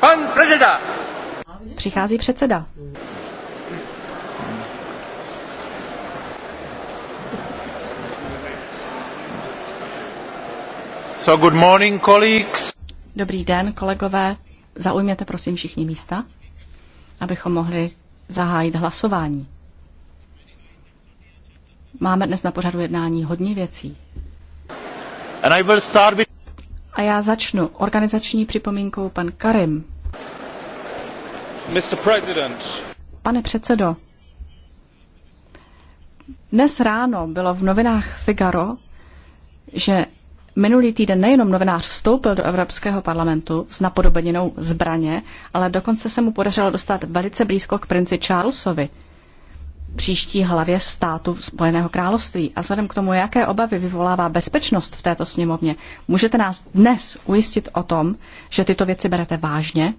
Pan prezida. Přichází předseda. So good morning, colleagues. Dobrý den, kolegové. Zaujměte prosím všichni místa, abychom mohli zahájit hlasování. Máme dnes na pořadu jednání hodně věcí. And I will start with... A já začnu organizační připomínkou pan Karim. Mr. President. Pane předsedo, dnes ráno bylo v novinách Figaro, že minulý týden nejenom novinář vstoupil do Evropského parlamentu s napodobeninou zbraně, ale dokonce se mu podařilo dostat velice blízko k princi Charlesovi – příští hlavě státu Spojeného království. A vzhledem k tomu, jaké obavy vyvolává bezpečnost v této sněmovně, můžete nás dnes ujistit o tom, že tyto věci berete vážně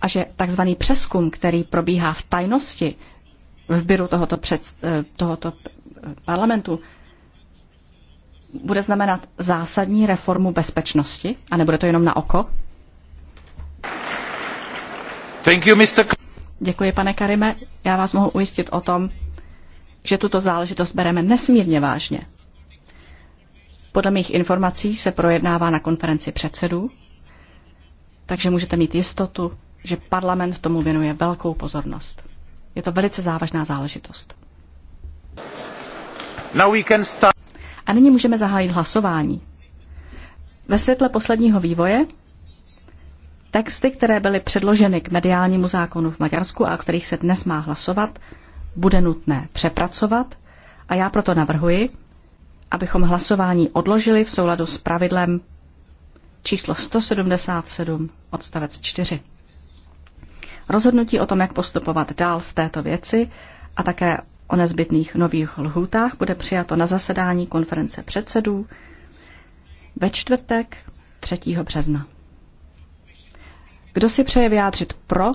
a že takzvaný přeskum, který probíhá v tajnosti v byru tohoto, před, eh, tohoto parlamentu, bude znamenat zásadní reformu bezpečnosti a nebude to jenom na oko? Thank you, Mr. Děkuji, pane Karime. Já vás mohu ujistit o tom, že tuto záležitost bereme nesmírně vážně. Podle mých informací se projednává na konferenci předsedů, takže můžete mít jistotu, že parlament tomu věnuje velkou pozornost. Je to velice závažná záležitost. A nyní můžeme zahájit hlasování. Ve světle posledního vývoje Texty, které byly předloženy k mediálnímu zákonu v Maďarsku a o kterých se dnes má hlasovat, bude nutné přepracovat a já proto navrhuji, abychom hlasování odložili v souladu s pravidlem číslo 177 odstavec 4. Rozhodnutí o tom, jak postupovat dál v této věci a také o nezbytných nových lhůtách bude přijato na zasedání konference předsedů ve čtvrtek 3. března. Kdo si přeje vyjádřit pro?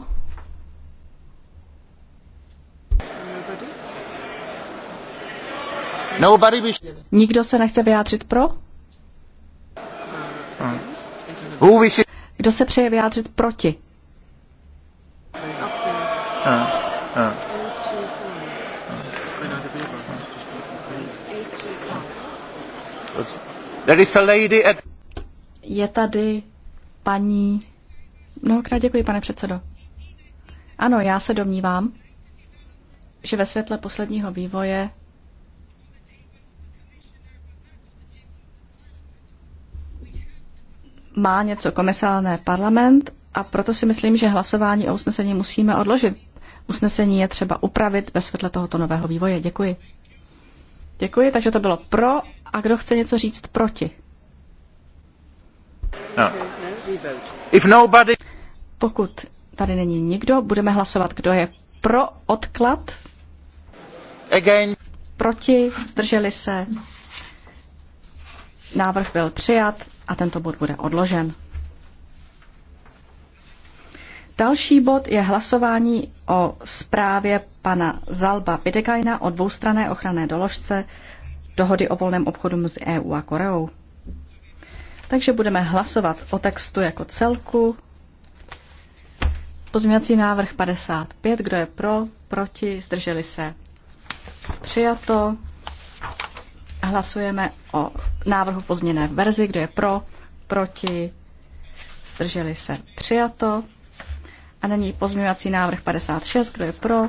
Nobody by... Nikdo se nechce vyjádřit pro? Kdo se přeje vyjádřit proti? There is a lady at... Je tady paní Mnohokrát děkuji, pane předsedo. Ano, já se domnívám, že ve světle posledního vývoje má něco komisálné parlament a proto si myslím, že hlasování o usnesení musíme odložit. Usnesení je třeba upravit ve světle tohoto nového vývoje. Děkuji. Děkuji, takže to bylo pro a kdo chce něco říct proti? No. If nobody... Pokud tady není nikdo, budeme hlasovat, kdo je pro odklad. Again. Proti, zdrželi se. Návrh byl přijat a tento bod bude odložen. Další bod je hlasování o zprávě pana Zalba Pidekajna o dvoustrané ochranné doložce dohody o volném obchodu mezi EU a Koreou. Takže budeme hlasovat o textu jako celku Pozměňovací návrh 55, kdo je pro, proti, zdrželi se. Přijato. Hlasujeme o návrhu pozměněné verzi, kdo je pro, proti, zdrželi se. Přijato. A není pozměňovací návrh 56, kdo je pro,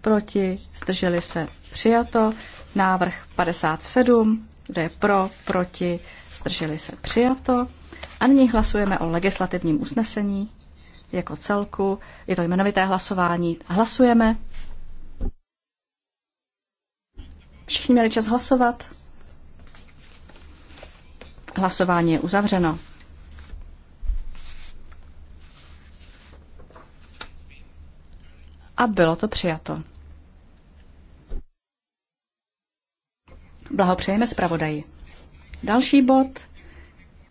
proti, zdrželi se. Přijato. Návrh 57, kdo je pro, proti, zdrželi se. Přijato. A nyní hlasujeme o legislativním usnesení jako celku. Je to jmenovité hlasování. Hlasujeme. Všichni měli čas hlasovat. Hlasování je uzavřeno. A bylo to přijato. Blahopřejeme zpravodaji. Další bod.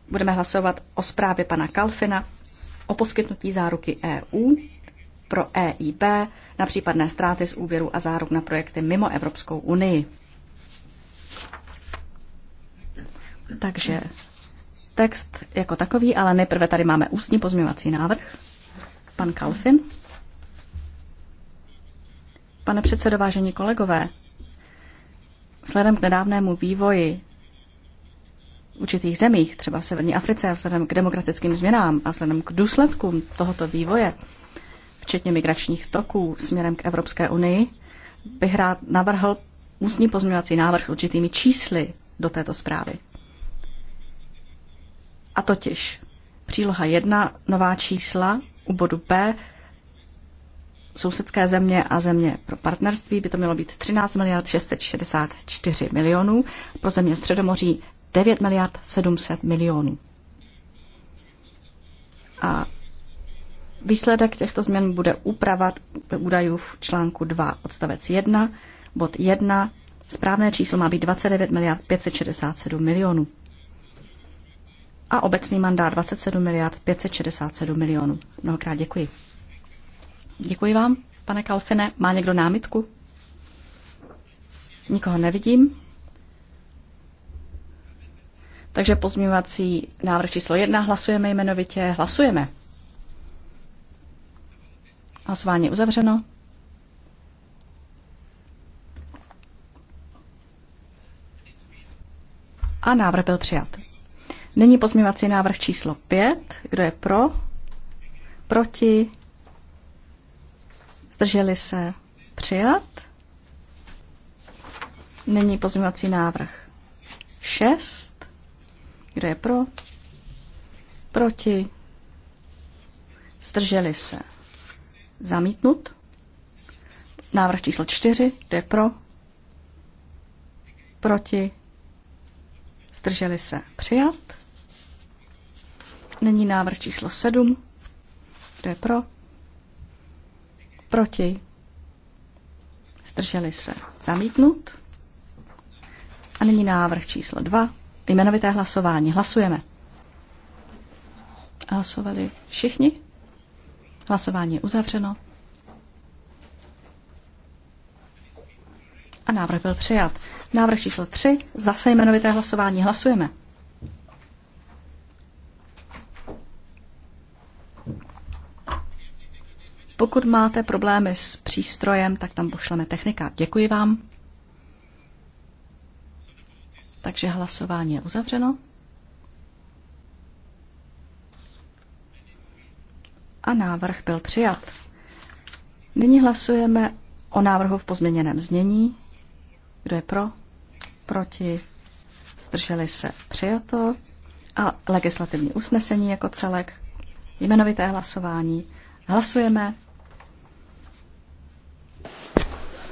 Budeme hlasovat o zprávě pana Kalfina o poskytnutí záruky EU pro EIB na případné ztráty z úvěru a záruk na projekty mimo Evropskou unii. Takže text jako takový, ale nejprve tady máme ústní pozměvací návrh. Pan Kalfin. Pane předsedo, vážení kolegové, vzhledem k nedávnému vývoji určitých zemích, třeba v Severní Africe, vzhledem k demokratickým změnám a vzhledem k důsledkům tohoto vývoje, včetně migračních toků směrem k Evropské unii, bych rád navrhl ústní pozměňovací návrh s určitými čísly do této zprávy. A totiž příloha 1, nová čísla u bodu B, sousedské země a země pro partnerství by to mělo být 13 miliard 664 milionů, pro země Středomoří 9 miliard 700 milionů. A výsledek těchto změn bude upravat údajů v článku 2 odstavec 1, bod 1. Správné číslo má být 29 miliard 567 milionů. A obecný mandát 27 miliard 567 milionů. Mnohokrát děkuji. Děkuji vám, pane Kalfine. Má někdo námitku? Nikoho nevidím. Takže pozměňovací návrh číslo jedna hlasujeme jmenovitě. Hlasujeme. Hlasování uzavřeno. A návrh byl přijat. Nyní pozměňovací návrh číslo 5. Kdo je pro? Proti? Zdrželi se? Přijat? Nyní pozměňovací návrh 6. Kdo je pro? Proti? Zdrželi se. Zamítnut. Návrh číslo čtyři, Kdo je pro? Proti? Zdrželi se. Přijat. není návrh číslo sedm, Kdo je pro? Proti? Zdrželi se. Zamítnut. A není návrh číslo dva jmenovité hlasování. Hlasujeme. Hlasovali všichni? Hlasování je uzavřeno. A návrh byl přijat. Návrh číslo 3. Zase jmenovité hlasování. Hlasujeme. Pokud máte problémy s přístrojem, tak tam pošleme technika. Děkuji vám. Takže hlasování je uzavřeno. A návrh byl přijat. Nyní hlasujeme o návrhu v pozměněném znění. Kdo je pro? Proti? Zdrželi se? Přijato. A legislativní usnesení jako celek. Jmenovité hlasování. Hlasujeme.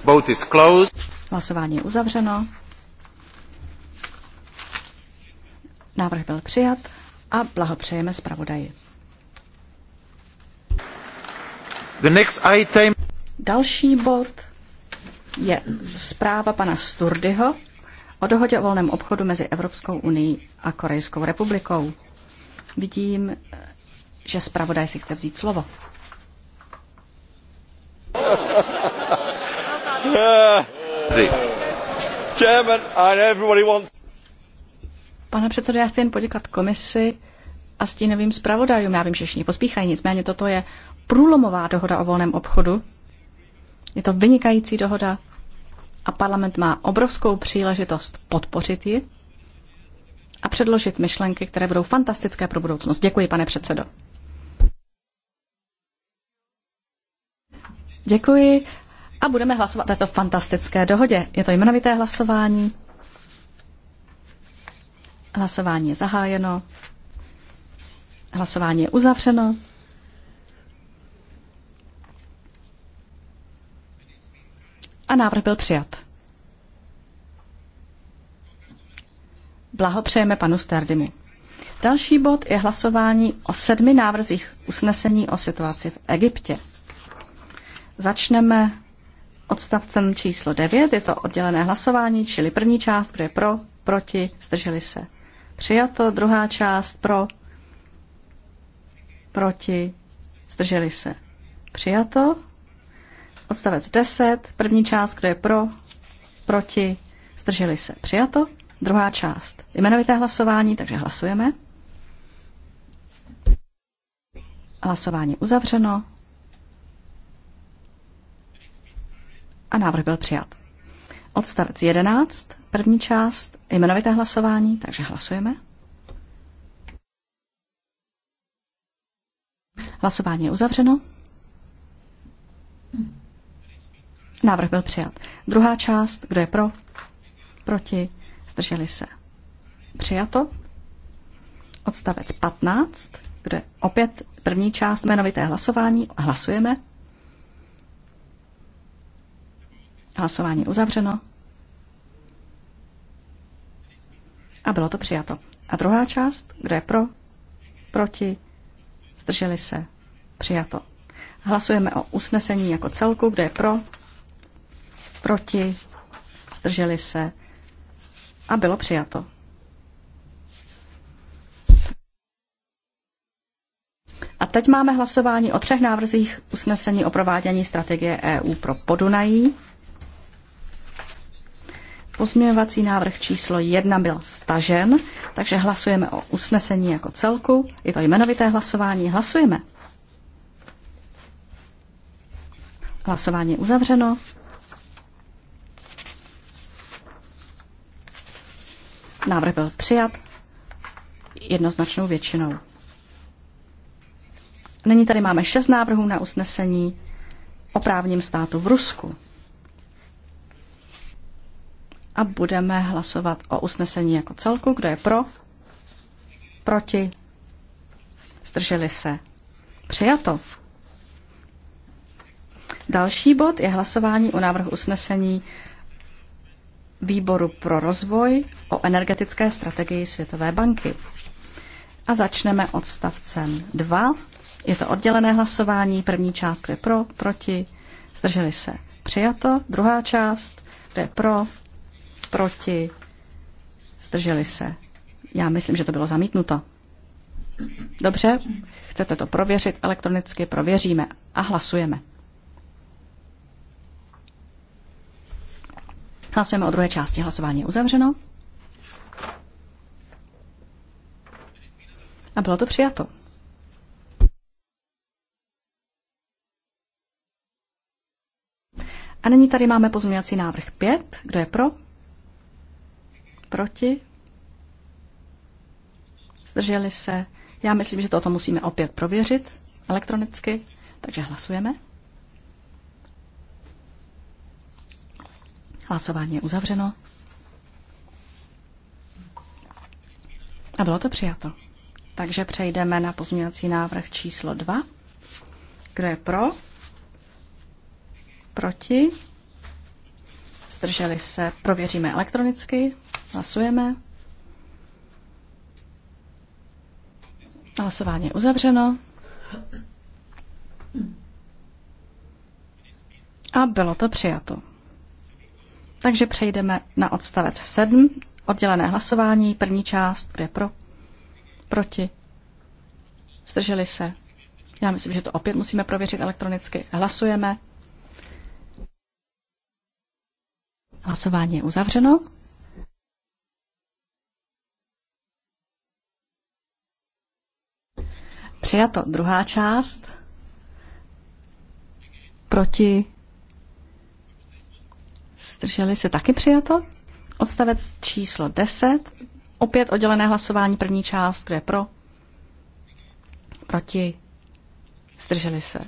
Vote is closed. Hlasování je uzavřeno. Návrh byl přijat a blahopřejeme zpravodaji. The next item. Další bod je zpráva pana Sturdyho o dohodě o volném obchodu mezi Evropskou unii a Korejskou republikou. Vidím, že zpravodaj si chce vzít slovo. Chairman, and everybody wants Pane předsedo, já chci jen poděkat komisi a stínovým zpravodajům. Já vím, že všichni pospíchají, nicméně toto je průlomová dohoda o volném obchodu. Je to vynikající dohoda a parlament má obrovskou příležitost podpořit ji a předložit myšlenky, které budou fantastické pro budoucnost. Děkuji, pane předsedo. Děkuji a budeme hlasovat o této fantastické dohodě. Je to jmenovité hlasování. Hlasování je zahájeno. Hlasování je uzavřeno. A návrh byl přijat. Blahopřejeme panu Stardimu. Další bod je hlasování o sedmi návrzích usnesení o situaci v Egyptě. Začneme odstavcem číslo 9. Je to oddělené hlasování, čili první část, kdo je pro, proti, zdrželi se. Přijato druhá část pro, proti, zdrželi se. Přijato. Odstavec 10, první část, kdo je pro, proti, zdrželi se. Přijato. Druhá část. Jmenovité hlasování, takže hlasujeme. Hlasování uzavřeno. A návrh byl přijat. Odstavec 11, první část, jmenovité hlasování, takže hlasujeme. Hlasování je uzavřeno. Návrh byl přijat. Druhá část, kdo je pro, proti, zdrželi se. Přijato. Odstavec 15, kde opět první část jmenovité hlasování, hlasujeme. Hlasování uzavřeno. A bylo to přijato. A druhá část, kde je pro, proti, zdrželi se, přijato. Hlasujeme o usnesení jako celku, kde je pro, proti, zdrželi se a bylo přijato. A teď máme hlasování o třech návrzích usnesení o provádění strategie EU pro Podunají. Pozměňovací návrh číslo 1 byl stažen, takže hlasujeme o usnesení jako celku. Je to jmenovité hlasování. Hlasujeme. Hlasování je uzavřeno. Návrh byl přijat jednoznačnou většinou. Nyní tady máme šest návrhů na usnesení o právním státu v Rusku a budeme hlasovat o usnesení jako celku. Kdo je pro? Proti? Zdrželi se? Přijato. Další bod je hlasování o návrhu usnesení Výboru pro rozvoj o energetické strategii Světové banky. A začneme odstavcem 2. Je to oddělené hlasování. První část, kde pro, proti, zdrželi se. Přijato. Druhá část, kde pro, proti, zdrželi se. Já myslím, že to bylo zamítnuto. Dobře, chcete to prověřit elektronicky, prověříme a hlasujeme. Hlasujeme o druhé části. Hlasování je uzavřeno. A bylo to přijato. A nyní tady máme pozměňovací návrh 5. Kdo je pro? Proti? Zdrželi se? Já myslím, že toto musíme opět prověřit elektronicky, takže hlasujeme. Hlasování je uzavřeno. A bylo to přijato. Takže přejdeme na pozměňovací návrh číslo 2. Kdo je pro? Proti? Zdrželi se? Prověříme elektronicky. Hlasujeme. Hlasování je uzavřeno. A bylo to přijato. Takže přejdeme na odstavec 7, oddělené hlasování, první část, kde pro, proti, zdrželi se. Já myslím, že to opět musíme prověřit elektronicky. Hlasujeme. Hlasování je uzavřeno. Přijato. Druhá část. Proti. Zdrželi se taky přijato. Odstavec číslo 10. Opět oddělené hlasování. První část. kde je pro? Proti. Zdrželi se.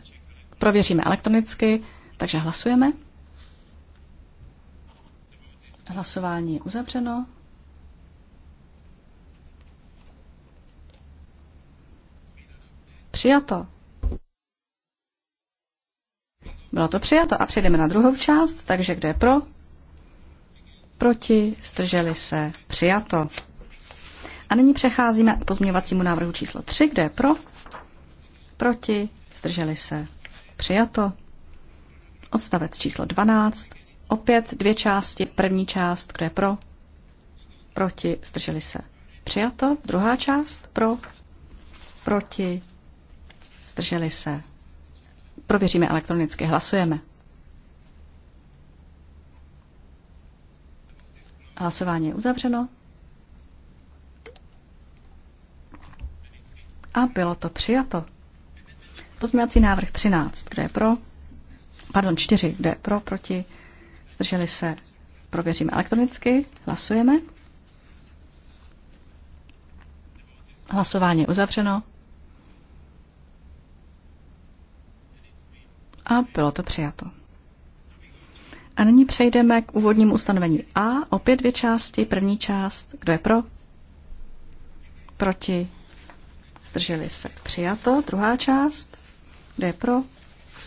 Prověříme elektronicky, takže hlasujeme. Hlasování je uzavřeno. Přijato. Bylo to přijato a přejdeme na druhou část, takže kdo je pro? Proti, strželi se, přijato. A nyní přecházíme k pozměňovacímu návrhu číslo 3, kde je pro, proti, strželi se, přijato. Odstavec číslo 12, opět dvě části, první část, kde je pro, proti, strželi se, přijato. Druhá část, pro, proti, Zdrželi se. Prověříme elektronicky. Hlasujeme. Hlasování je uzavřeno. A bylo to přijato. Pozměňovací návrh 13. kde je pro? Pardon, 4. kde je pro? Proti? Zdrželi se? Prověříme elektronicky. Hlasujeme. Hlasování je uzavřeno. bylo to přijato. A nyní přejdeme k úvodnímu ustanovení A, opět dvě části. První část, kdo je pro? Proti? Zdrželi se. Přijato. Druhá část, kdo je pro?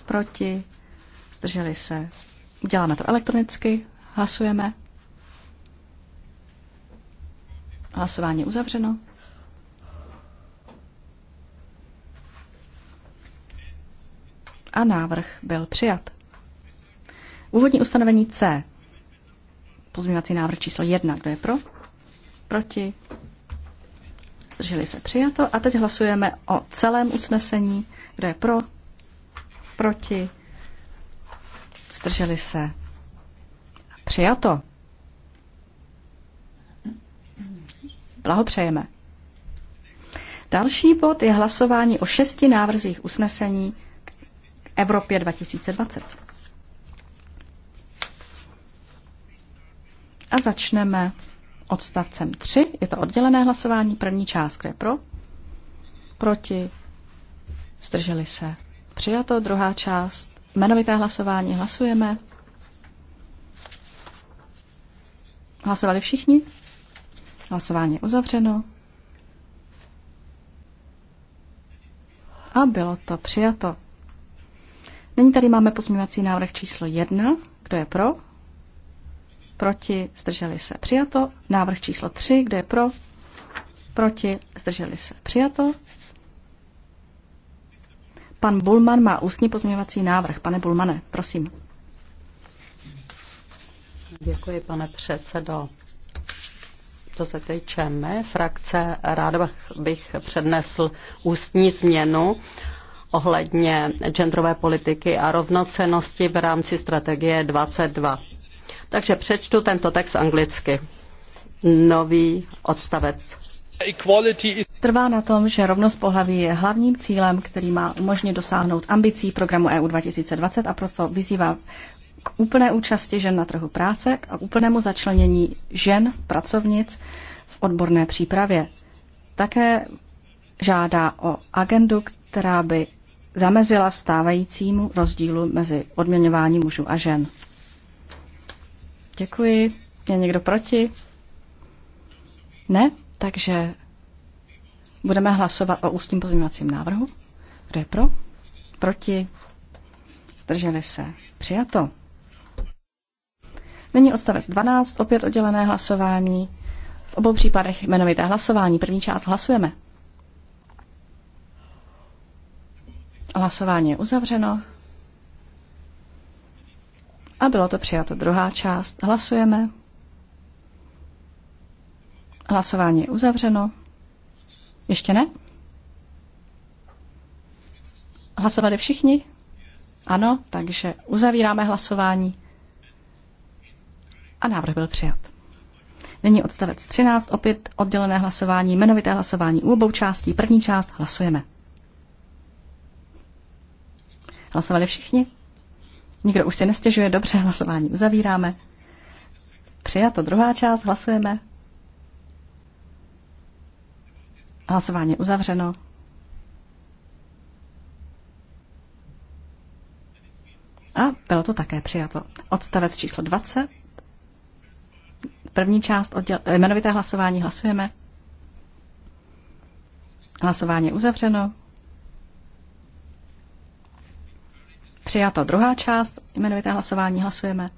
Proti? Zdrželi se. Děláme to elektronicky, hlasujeme. Hlasování uzavřeno. a návrh byl přijat. Úvodní ustanovení C. Pozměňovací návrh číslo 1. Kdo je pro? Proti? Zdrželi se přijato. A teď hlasujeme o celém usnesení. Kdo je pro? Proti? Zdrželi se přijato. Blahopřejeme. Další bod je hlasování o šesti návrzích usnesení Evropě 2020. A začneme odstavcem 3. Je to oddělené hlasování. První část, kde pro, proti, zdrželi se. Přijato. Druhá část, jmenovité hlasování. Hlasujeme. Hlasovali všichni? Hlasování je uzavřeno. A bylo to přijato. Nyní tady máme pozměňovací návrh číslo 1. Kdo je pro? Proti? Zdrželi se? Přijato. Návrh číslo 3. Kdo je pro? Proti? Zdrželi se? Přijato. Pan Bulman má ústní pozměňovací návrh. Pane Bulmane, prosím. Děkuji, pane předsedo. To se týče mé frakce, rád bych přednesl ústní změnu ohledně genderové politiky a rovnocenosti v rámci strategie 22. Takže přečtu tento text anglicky. Nový odstavec. Trvá na tom, že rovnost pohlaví je hlavním cílem, který má umožnit dosáhnout ambicí programu EU 2020 a proto vyzývá k úplné účasti žen na trhu práce a k úplnému začlenění žen pracovnic v odborné přípravě. Také žádá o agendu, která by zamezila stávajícímu rozdílu mezi odměňování mužů a žen. Děkuji. Je někdo proti? Ne? Takže budeme hlasovat o ústním pozměňovacím návrhu. Kdo je pro? Proti? Zdrželi se. Přijato. Nyní odstavec 12, opět oddělené hlasování. V obou případech jmenovité hlasování. První část hlasujeme. Hlasování je uzavřeno. A bylo to přijato druhá část. Hlasujeme. Hlasování je uzavřeno. Ještě ne? Hlasovali všichni? Ano, takže uzavíráme hlasování. A návrh byl přijat. Nyní odstavec 13, opět oddělené hlasování, jmenovité hlasování u obou částí. První část hlasujeme. Hlasovali všichni? Nikdo už si nestěžuje, dobře, hlasování uzavíráme. Přijato druhá část, hlasujeme. Hlasování uzavřeno. A bylo to také přijato. Odstavec číslo 20. První část odděl, jmenovité hlasování hlasujeme. Hlasování uzavřeno. Přijato druhá část, jmenovité hlasování hlasujeme.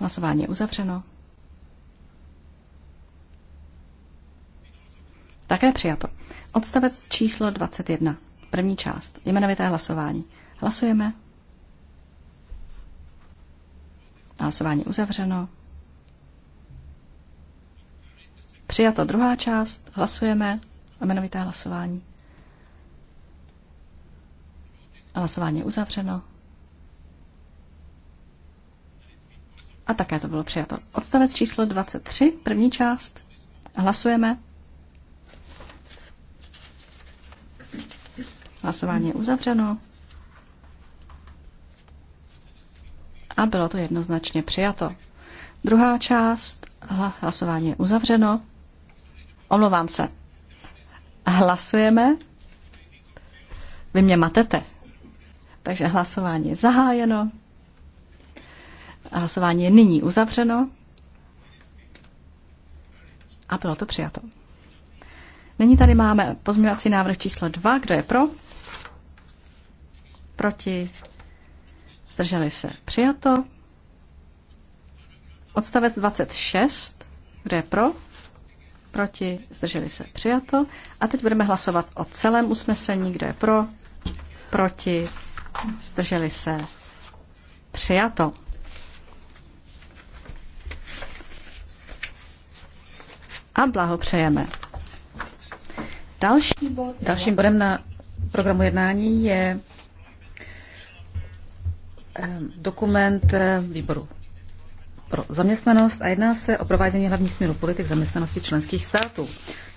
Hlasování je uzavřeno. Také přijato. Odstavec číslo 21. První část. Jmenovité hlasování. Hlasujeme. Hlasování uzavřeno. Přijato druhá část. Hlasujeme. Jmenovité hlasování. Hlasování je uzavřeno. A také to bylo přijato. Odstavec číslo 23, první část. Hlasujeme. Hlasování je uzavřeno. A bylo to jednoznačně přijato. Druhá část, hlasování je uzavřeno. Omlouvám se. Hlasujeme. Vy mě matete. Takže hlasování je zahájeno. Hlasování je nyní uzavřeno. A bylo to přijato. Nyní tady máme pozměňovací návrh číslo 2. Kdo je pro? Proti? Zdrželi se. Přijato. Odstavec 26. Kdo je pro? Proti? Zdrželi se. Přijato. A teď budeme hlasovat o celém usnesení. Kdo je pro? Proti? zdrželi se, přijato. A blahopřejeme. Další bod, dalším bodem na programu jednání je eh, dokument eh, výboru pro zaměstnanost a jedná se o provádění hlavní směru politik zaměstnanosti členských států.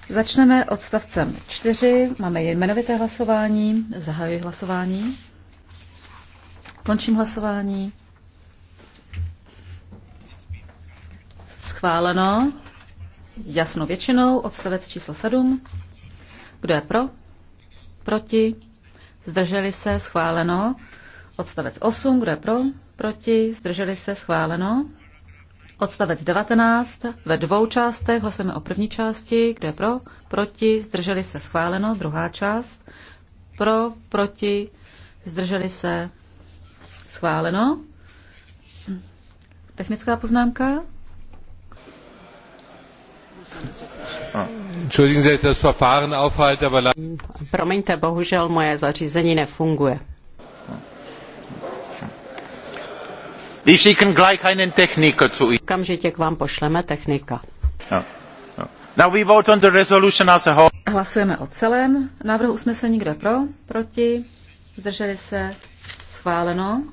Začneme odstavcem 4. Máme jmenovité hlasování. Zahajuji hlasování. Končím hlasování. Schváleno Jasno, většinou, odstavec číslo 7. Kdo je pro? Proti? Zdrželi se? Schváleno. Odstavec 8. Kdo je pro? Proti? Zdrželi se? Schváleno. Odstavec 19 ve dvou částech. Hlasujeme o první části. Kdo je pro? Proti? Zdrželi se? Schváleno. Druhá část. Pro? Proti? Zdrželi se? Schváleno. Technická poznámka? Ah. Promiňte, bohužel moje zařízení nefunguje. Kamžitě k vám pošleme technika. Now we vote on the resolution as a whole. Hlasujeme o celém návrhu usnesení, kde pro, proti, zdrželi se, schváleno.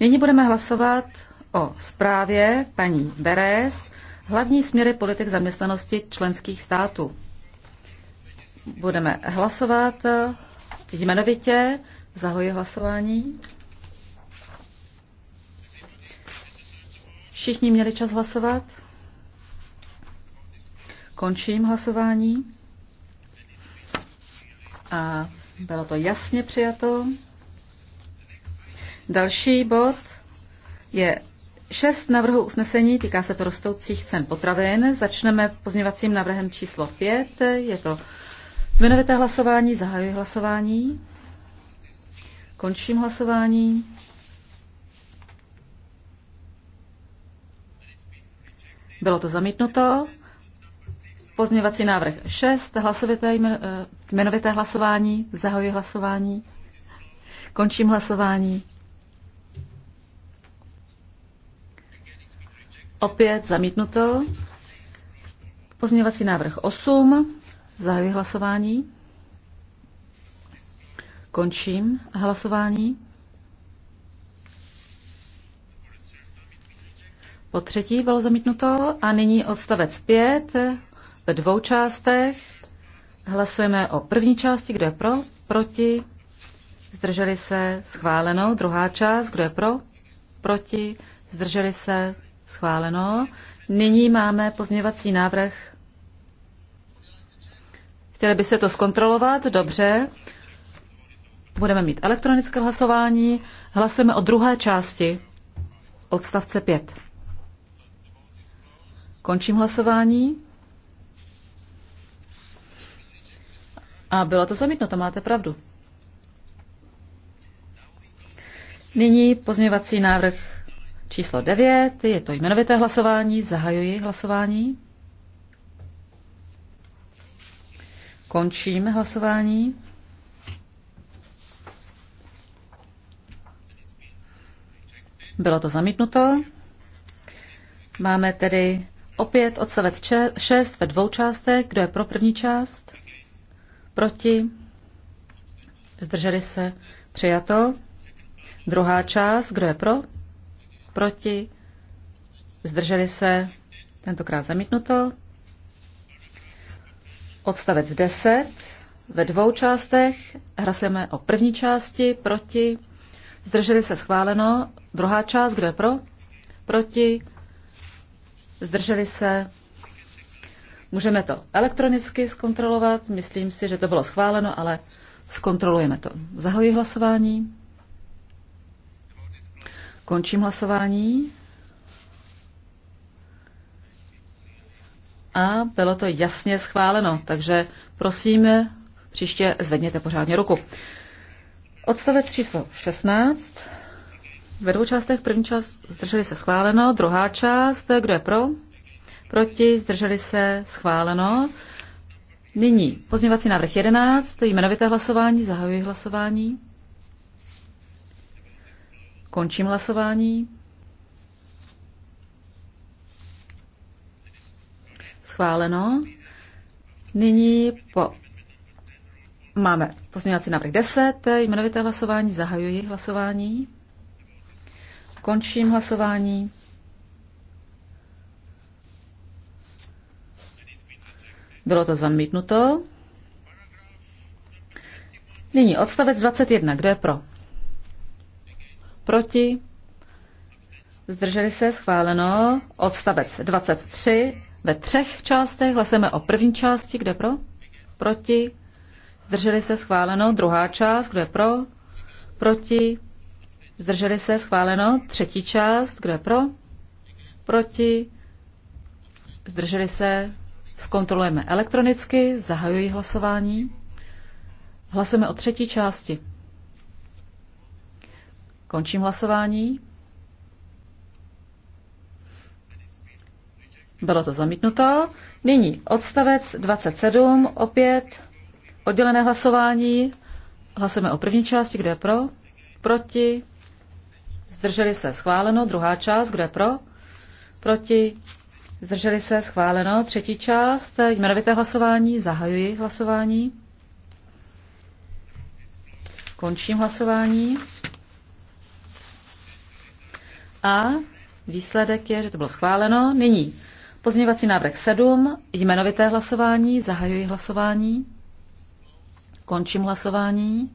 Nyní budeme hlasovat o zprávě paní Beres, hlavní směry politik zaměstnanosti členských států. Budeme hlasovat jmenovitě. Zahoji hlasování. Všichni měli čas hlasovat? Končím hlasování. A bylo to jasně přijato. Další bod je šest navrhů usnesení, týká se to rostoucích cen potravin. Začneme pozněvacím návrhem číslo 5. Je to jmenovité hlasování, zahajuji hlasování, končím hlasování. Bylo to zamítnuto. Pozměvací návrh 6, hlasovité eh, jmenovité hlasování, zahajuji hlasování, končím hlasování. Opět zamítnuto. Pozměňovací návrh 8. Zahajuji hlasování. Končím hlasování. Po třetí bylo zamítnuto a nyní odstavec 5 ve dvou částech. Hlasujeme o první části, kdo je pro, proti, zdrželi se, schváleno. Druhá část, kdo je pro, proti, zdrželi se, Schváleno. Nyní máme pozměňovací návrh. Chtěli by se to zkontrolovat? Dobře. Budeme mít elektronické hlasování. Hlasujeme o druhé části odstavce 5. Končím hlasování. A bylo to zamítnuto, máte pravdu. Nyní pozměvací návrh Číslo 9, je to jmenovité hlasování, zahajuji hlasování. Končím hlasování. Bylo to zamítnuto. Máme tedy opět odstavec 6 ve dvou částech. Kdo je pro první část? Proti? Zdrželi se? Přijato. Druhá část. Kdo je pro? proti, zdrželi se, tentokrát zamítnuto. Odstavec 10 ve dvou částech. Hlasujeme o první části, proti, zdrželi se schváleno. Druhá část, kdo je pro? Proti, zdrželi se. Můžeme to elektronicky zkontrolovat. Myslím si, že to bylo schváleno, ale zkontrolujeme to. Zahoji hlasování. Končím hlasování. A bylo to jasně schváleno, takže prosím, příště zvedněte pořádně ruku. Odstavec číslo 16. Ve dvou částech první část zdrželi se schváleno, druhá část, kdo je pro? Proti, zdrželi se schváleno. Nyní pozměňovací návrh 11, jmenovité hlasování, zahajuji hlasování. Končím hlasování. Schváleno. Nyní po... máme pozměňovací návrh 10, jmenovité hlasování, zahajuji hlasování. Končím hlasování. Bylo to zamítnuto. Nyní odstavec 21. Kdo je pro? proti, zdrželi se, schváleno, odstavec 23 ve třech částech, hlasujeme o první části, kde pro, proti, zdrželi se, schváleno, druhá část, kde pro, proti, zdrželi se, schváleno, třetí část, kde pro, proti, zdrželi se, zkontrolujeme elektronicky, zahajuji hlasování. Hlasujeme o třetí části. Končím hlasování. Bylo to zamítnuto. Nyní odstavec 27, opět oddělené hlasování. Hlasujeme o první části, kdo je pro, proti, zdrželi se, schváleno. Druhá část, kdo je pro, proti, zdrželi se, schváleno. Třetí část, jmenovité hlasování, zahajuji hlasování. Končím hlasování. A výsledek je, že to bylo schváleno. Nyní pozměňovací návrh 7, jmenovité hlasování, zahajuji hlasování, končím hlasování.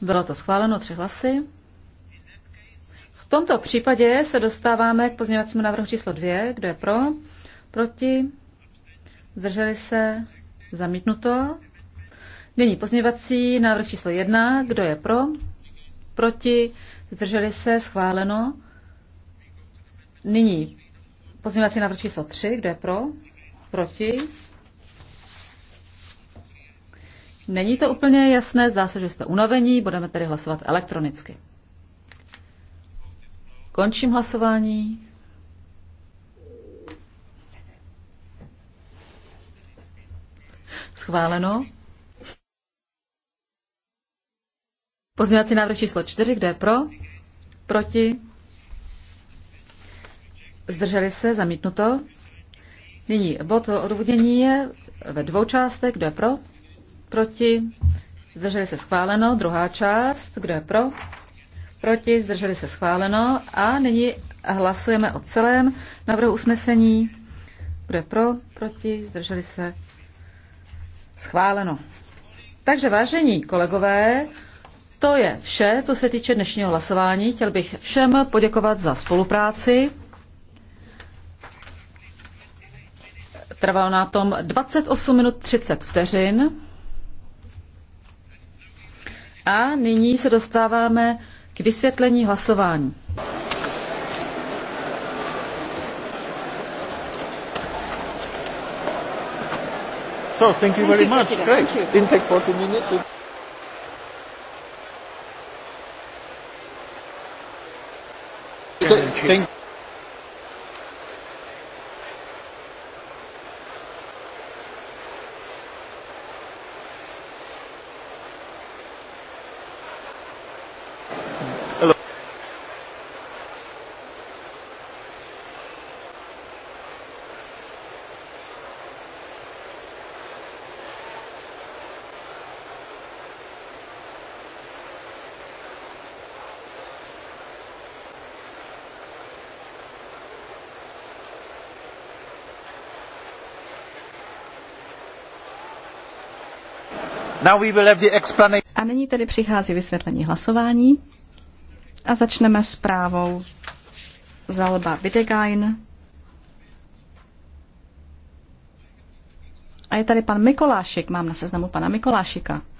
Bylo to schváleno tři hlasy. V tomto případě se dostáváme k pozměňovacímu návrhu číslo 2. Kdo je pro? Proti? Zdrželi se? Zamítnuto. Nyní pozměňovací návrh číslo 1. Kdo je pro? Proti? Zdrželi se? Schváleno. Nyní pozměňovací návrh číslo 3. Kdo je pro? Proti? Není to úplně jasné, zdá se, že jste unavení, budeme tedy hlasovat elektronicky. Končím hlasování. Schváleno. Pozměňovací návrh číslo 4, kdo je pro? Proti? Zdrželi se, zamítnuto. Nyní bod odvodnění je ve dvou částech, kdo je pro? Proti? Zdrželi se schváleno. Druhá část, kdo je pro? Proti? Zdrželi se schváleno. A nyní hlasujeme o celém návrhu usnesení. Kdo je pro? Proti? Zdrželi se schváleno. Takže vážení kolegové, to je vše, co se týče dnešního hlasování. Chtěl bych všem poděkovat za spolupráci. Trvalo na tom 28 minut 30 vteřin. A nyní se dostáváme k vysvětlení hlasování. So, thank you very much. Great. Didn't take 40 minutes. Thank you. A nyní tedy přichází vysvětlení hlasování a začneme s právou Zalba Bidegain. A je tady pan Mikolášek, mám na seznamu pana Mikolášika.